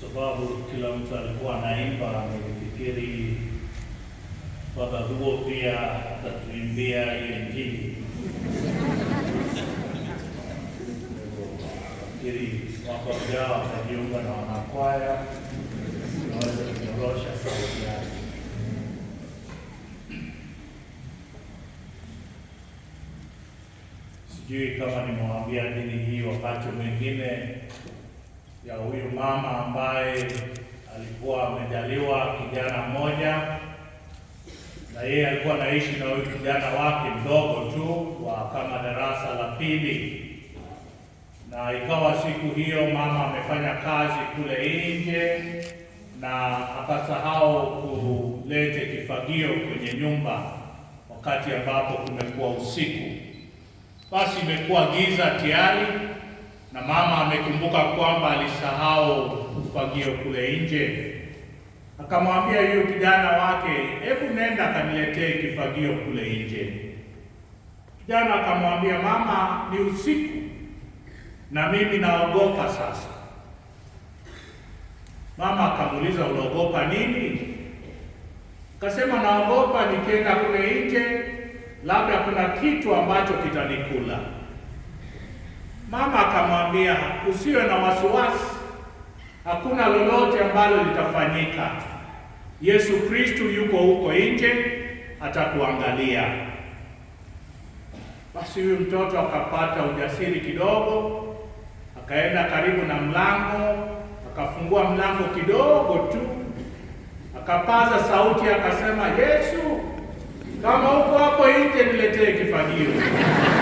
sababu kila mtu alikuwa anaimba, nilifikiri baba huo pia atatuimbia Injili. Nafikiri mwaka ujao atajiunga na wanakwaya, unaweza kunyorosha sauti yake. Sijui kama nimewambia dini hii wakati mwingine ya huyu mama ambaye alikuwa amejaliwa kijana mmoja, na yeye alikuwa anaishi na huyu kijana wake mdogo tu wa kama darasa la pili, na ikawa siku hiyo mama amefanya kazi kule nje na akasahau kulete kifagio kwenye nyumba wakati ambapo kumekuwa usiku, basi imekuwa giza tayari na mama amekumbuka kwamba alisahau ufagio kule nje, akamwambia yule kijana wake, hebu nenda kaniletee kifagio kule nje. Kijana akamwambia, mama, ni usiku na mimi naogopa sasa. Mama akamuuliza, unaogopa nini? Akasema, naogopa nikienda kule nje, labda kuna kitu ambacho kitanikula. Mama akamwambia usiwe na wasiwasi, hakuna lolote ambalo litafanyika. Yesu kristu yuko huko nje, atakuangalia. Basi huyu mtoto akapata ujasiri kidogo, akaenda karibu na mlango, akafungua mlango kidogo tu, akapaza sauti, akasema, Yesu, kama uko hapo nje, niletee kifagio.